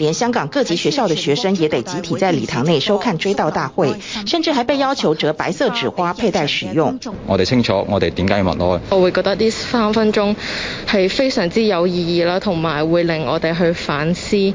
連香港各級學校的學生也得集體在禮堂內收看追悼大會，甚至還被要求折白色紙花佩戴使用。我哋清楚，我哋點解要默哀。我會覺得呢三分鐘係非常之有意義啦，同埋會令我哋去反思。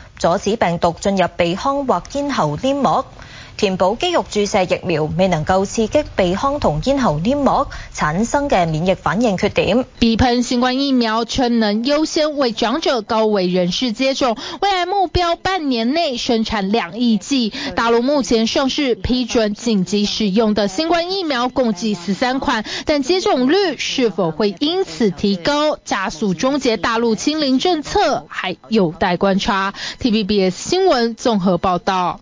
阻止病毒進入鼻腔或咽喉黏膜。填補肌肉注射疫苗未能夠刺激鼻腔同咽喉黏膜產生嘅免疫反應缺點。鼻噴新冠疫苗稱能優先為長者、高危人士接種，未來目標半年內生產兩億劑。大陸目前上市批准緊急使用的新冠疫苗共計十三款，但接種率是否會因此提高，加速終結大陸清零政策，還有待觀察。TVBS 新聞綜合報道。